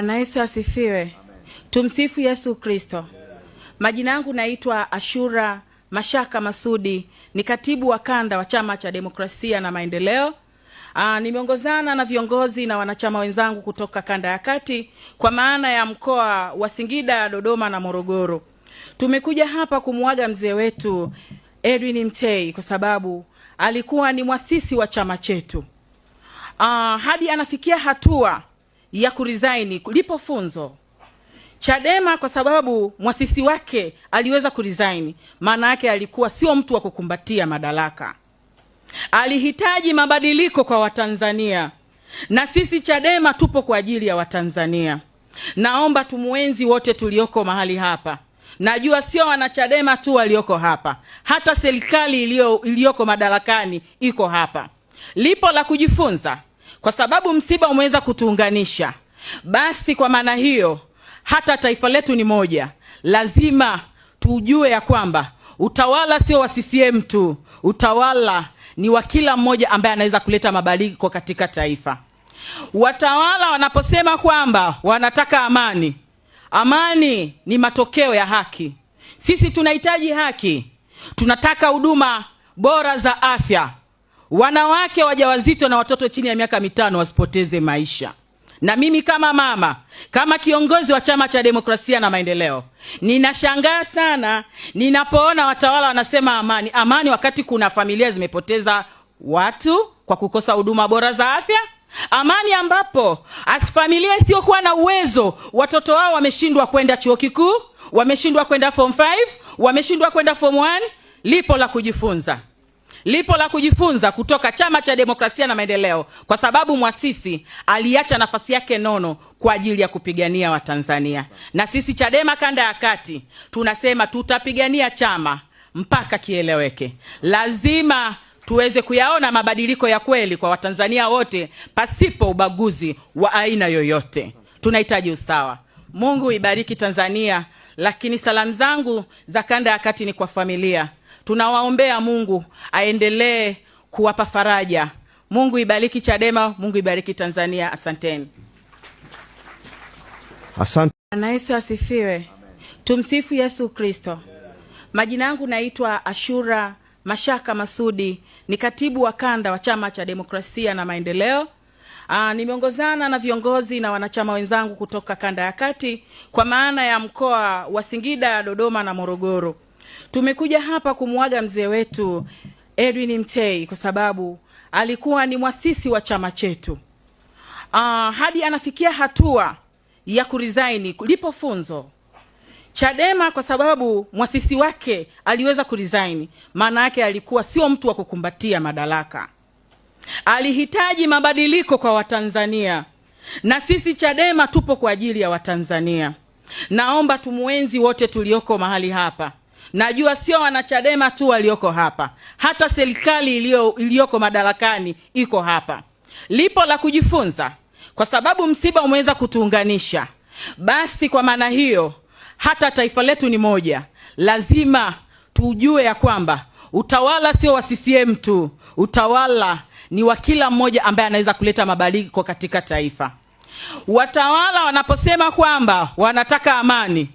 Bwana Yesu asifiwe. Tumsifu Yesu Kristo. Majina yangu naitwa Ashura Mashaka Masudi, ni katibu wa kanda wa Chama cha Demokrasia na Maendeleo. Aa, ah, nimeongozana na viongozi na wanachama wenzangu kutoka kanda ya kati kwa maana ya mkoa wa Singida, Dodoma na Morogoro. Tumekuja hapa kumuaga mzee wetu Edwin Mtei kwa sababu alikuwa ni mwasisi wa chama chetu. Aa, ah, hadi anafikia hatua ya kurizaini lipo funzo Chadema kwa sababu mwasisi wake aliweza kurizaini, maana yake alikuwa sio mtu wa kukumbatia madaraka, alihitaji mabadiliko kwa Watanzania, na sisi Chadema tupo kwa ajili ya Watanzania. Naomba tumuenzi wote tulioko mahali hapa. Najua sio wanachadema tu walioko hapa, hata serikali iliyoko madarakani iko hapa. Lipo la kujifunza kwa sababu msiba umeweza kutuunganisha, basi kwa maana hiyo hata taifa letu ni moja. Lazima tujue ya kwamba utawala sio wa CCM tu, utawala ni wa kila mmoja ambaye anaweza kuleta mabadiliko katika taifa. Watawala wanaposema kwamba wanataka amani, amani ni matokeo ya haki. Sisi tunahitaji haki, tunataka huduma bora za afya wanawake wajawazito na watoto chini ya miaka mitano wasipoteze maisha. Na mimi kama mama, kama kiongozi wa Chama cha Demokrasia na Maendeleo, ninashangaa sana ninapoona watawala wanasema amani, amani, wakati kuna familia zimepoteza watu kwa kukosa huduma bora za afya. Amani ambapo familia isiyokuwa na uwezo, watoto wao wameshindwa kwenda chuo kikuu, wameshindwa kwenda form 5, wameshindwa kwenda form 1, lipo la kujifunza. Lipo la kujifunza kutoka Chama cha Demokrasia na Maendeleo kwa sababu mwasisi aliacha nafasi yake nono kwa ajili ya kupigania Watanzania, na sisi Chadema kanda ya kati tunasema tutapigania chama mpaka kieleweke. Lazima tuweze kuyaona mabadiliko ya kweli kwa Watanzania wote pasipo ubaguzi wa aina yoyote. Tunahitaji usawa. Mungu ibariki Tanzania. Lakini salamu zangu za kanda ya kati ni kwa familia Tunawaombea Mungu aendelee kuwapa faraja. Mungu ibariki Chadema, Mungu ibariki Tanzania. Asanteni. Asante. Bwana Yesu asifiwe. Tumsifu Yesu Kristo. Majina yangu naitwa Ashura Mashaka Masudi, ni katibu wa kanda wa Chama cha Demokrasia na Maendeleo. Aa, nimeongozana na viongozi na wanachama wenzangu kutoka kanda ya kati kwa maana ya mkoa wa Singida, Dodoma na Morogoro. Tumekuja hapa kumwaga mzee wetu Edwin Mtei kwa sababu alikuwa ni mwasisi wa chama chetu. Uh, hadi anafikia hatua ya kuresign. Lipo funzo Chadema kwa sababu mwasisi wake aliweza kuresign, maana yake alikuwa sio mtu wa kukumbatia madaraka, alihitaji mabadiliko kwa Watanzania, na sisi Chadema tupo kwa ajili ya Watanzania. Naomba tumuenzi wote tulioko mahali hapa. Najua sio wanachadema tu walioko hapa, hata serikali iliyo iliyoko madarakani iko hapa. Lipo la kujifunza, kwa sababu msiba umeweza kutuunganisha. Basi kwa maana hiyo, hata taifa letu ni moja, lazima tujue ya kwamba utawala sio wa CCM tu, utawala ni wa kila mmoja ambaye anaweza kuleta mabadiliko katika taifa. Watawala wanaposema kwamba wanataka amani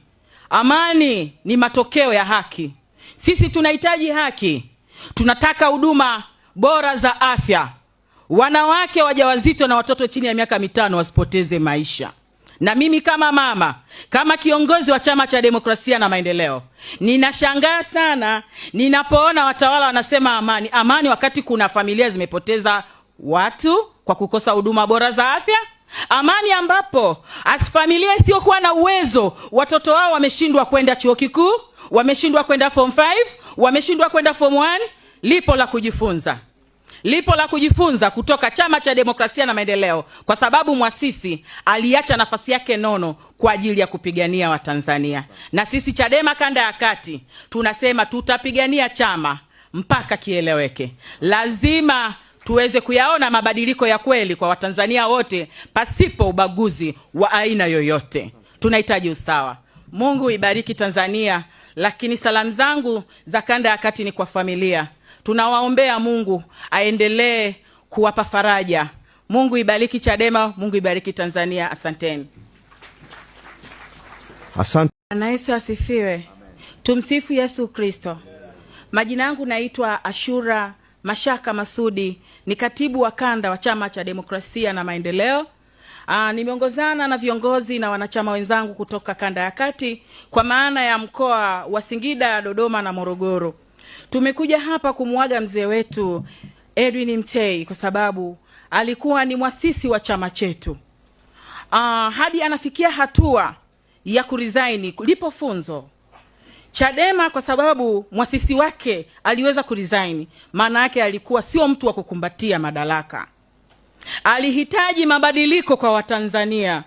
Amani ni matokeo ya haki. Sisi tunahitaji haki, tunataka huduma bora za afya. Wanawake wajawazito na watoto chini ya miaka mitano wasipoteze maisha. Na mimi kama mama, kama kiongozi wa Chama cha Demokrasia na Maendeleo, ninashangaa sana ninapoona watawala wanasema amani, amani, wakati kuna familia zimepoteza watu kwa kukosa huduma bora za afya amani ambapo as familia isiyokuwa na uwezo watoto wao wameshindwa kwenda chuo kikuu wameshindwa kwenda form 5 wameshindwa kwenda form 1 lipo la kujifunza lipo la kujifunza kutoka chama cha demokrasia na maendeleo kwa sababu mwasisi aliacha nafasi yake nono kwa ajili ya kupigania watanzania na sisi chadema kanda ya kati tunasema tutapigania chama mpaka kieleweke lazima tuweze kuyaona mabadiliko ya kweli kwa Watanzania wote pasipo ubaguzi wa aina yoyote. Tunahitaji usawa. Mungu ibariki Tanzania, lakini salamu zangu za kanda ya kati ni kwa familia. Tunawaombea Mungu aendelee kuwapa faraja. Mungu ibariki Chadema, Mungu ibariki Tanzania. Asanteni. Asante. Na Yesu asifiwe. Amen. Tumsifu Yesu Kristo. Majina yangu naitwa Ashura Mashaka Masudi ni katibu wa kanda wa Chama cha Demokrasia na Maendeleo. Aa, ah, nimeongozana na viongozi na wanachama wenzangu kutoka kanda ya kati kwa maana ya mkoa wa Singida, Dodoma na Morogoro. Tumekuja hapa kumuaga mzee wetu Edwin Mtei kwa sababu alikuwa ni mwasisi wa chama chetu. Aa, ah, hadi anafikia hatua ya kurizaini lipo funzo Chadema kwa sababu mwasisi wake aliweza kuresign, maana yake alikuwa sio mtu wa kukumbatia madaraka, alihitaji mabadiliko kwa Watanzania,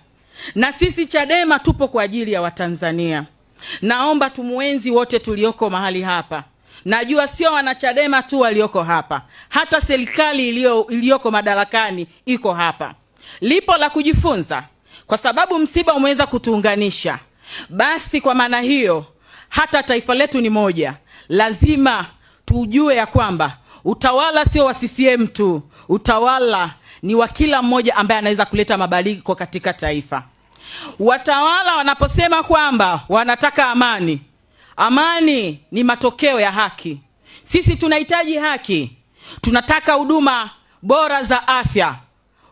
na sisi Chadema tupo kwa ajili ya Watanzania. Naomba tumuenzi wote tulioko mahali hapa. Najua sio wanachadema tu walioko hapa, hata serikali iliyo iliyoko madarakani iko hapa. Lipo la kujifunza, kwa sababu msiba umeweza kutuunganisha. Basi kwa maana hiyo hata taifa letu ni moja. Lazima tujue ya kwamba utawala sio wa CCM tu, utawala ni wa kila mmoja ambaye anaweza kuleta mabadiliko katika taifa. Watawala wanaposema kwamba wanataka amani, amani ni matokeo ya haki. Sisi tunahitaji haki, tunataka huduma bora za afya,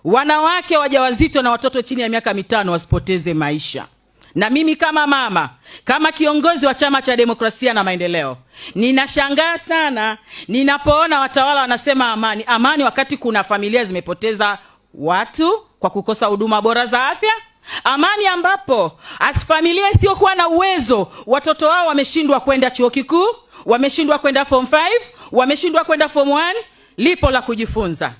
wanawake wajawazito na watoto chini ya miaka mitano wasipoteze maisha. Na mimi kama mama, kama kiongozi wa Chama cha Demokrasia na Maendeleo, ninashangaa sana ninapoona watawala wanasema amani, amani, wakati kuna familia zimepoteza watu kwa kukosa huduma bora za afya amani ambapo familia isiyokuwa na uwezo watoto wao wameshindwa kwenda chuo kikuu, wameshindwa kwenda form 5, wameshindwa kwenda form 1, lipo la kujifunza.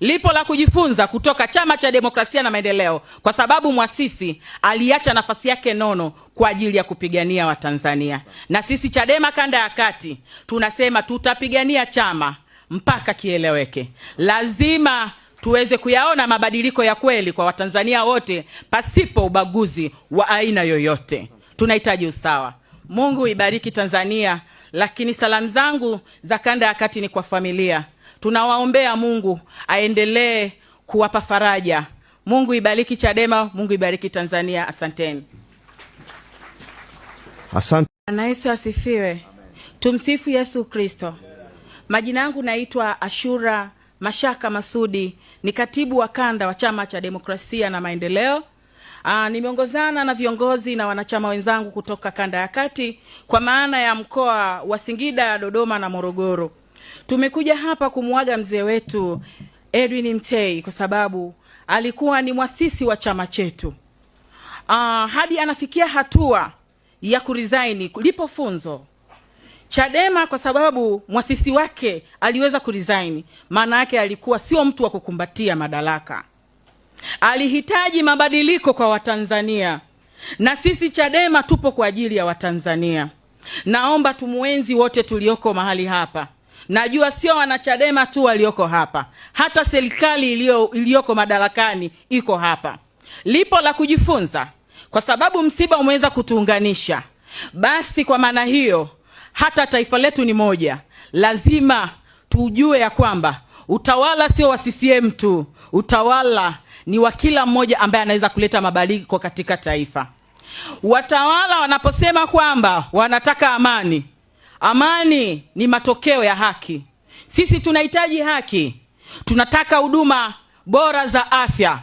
Lipo la kujifunza kutoka Chama cha Demokrasia na Maendeleo kwa sababu mwasisi aliacha nafasi yake nono kwa ajili ya kupigania Watanzania, na sisi Chadema kanda ya kati tunasema tutapigania chama mpaka kieleweke. Lazima tuweze kuyaona mabadiliko ya kweli kwa Watanzania wote pasipo ubaguzi wa aina yoyote. Tunahitaji usawa. Mungu ibariki Tanzania, lakini salamu zangu za kanda ya kati ni kwa familia Tunawaombea Mungu aendelee kuwapa faraja. Mungu ibariki Chadema, Mungu ibariki Tanzania. Asanteni. Asante. Bwana Yesu asifiwe. Tumsifu Yesu Kristo. Majina yangu naitwa Ashura Mashaka Masudi, ni katibu wa kanda wa Chama cha Demokrasia na Maendeleo. Aa, ah, nimeongozana na viongozi na wanachama wenzangu kutoka kanda ya kati kwa maana ya mkoa wa Singida, Dodoma na Morogoro. Tumekuja hapa kumwaga mzee wetu Edwin Mtei kwa sababu alikuwa ni mwasisi wa chama chetu. Uh, hadi anafikia hatua ya kuresign. Lipo funzo Chadema kwa sababu mwasisi wake aliweza kuresign, maana yake alikuwa sio mtu wa kukumbatia madaraka, alihitaji mabadiliko kwa Watanzania, na sisi Chadema tupo kwa ajili ya Watanzania. Naomba tumuenzi wote tulioko mahali hapa. Najua sio wanachadema tu walioko hapa, hata serikali iliyo iliyoko madarakani iko hapa. Lipo la kujifunza, kwa sababu msiba umeweza kutuunganisha. Basi kwa maana hiyo, hata taifa letu ni moja, lazima tujue ya kwamba utawala sio wa CCM tu, utawala ni wa kila mmoja ambaye anaweza kuleta mabadiliko katika taifa. Watawala wanaposema kwamba wanataka amani Amani ni matokeo ya haki. Sisi tunahitaji haki, tunataka huduma bora za afya.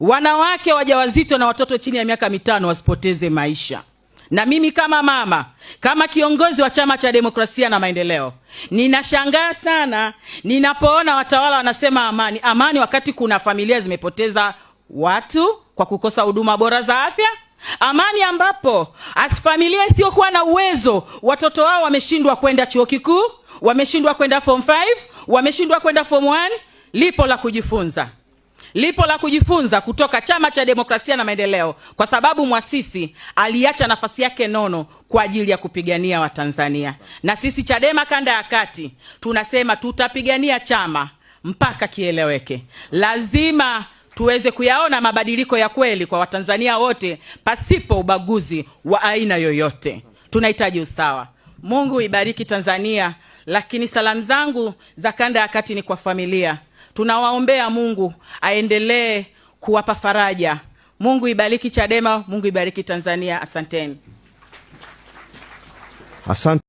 Wanawake wajawazito na watoto chini ya miaka mitano wasipoteze maisha. Na mimi kama mama, kama kiongozi wa Chama cha Demokrasia na Maendeleo, ninashangaa sana ninapoona watawala wanasema amani, amani, wakati kuna familia zimepoteza watu kwa kukosa huduma bora za afya. Amani ambapo familia isiyokuwa na uwezo, watoto wao wameshindwa kwenda chuo kikuu, wameshindwa kwenda form 5, wameshindwa kwenda form 1. Lipo la kujifunza, lipo la kujifunza kutoka Chama cha Demokrasia na Maendeleo, kwa sababu mwasisi aliacha nafasi yake nono kwa ajili ya kupigania Watanzania, na sisi Chadema kanda ya kati tunasema tutapigania chama mpaka kieleweke, lazima tuweze kuyaona mabadiliko ya kweli kwa Watanzania wote pasipo ubaguzi wa aina yoyote. Tunahitaji usawa. Mungu ibariki Tanzania. Lakini salamu zangu za kanda ya kati ni kwa familia. Tunawaombea Mungu aendelee kuwapa faraja. Mungu ibariki Chadema, Mungu ibariki Tanzania. Asanteni. Asante.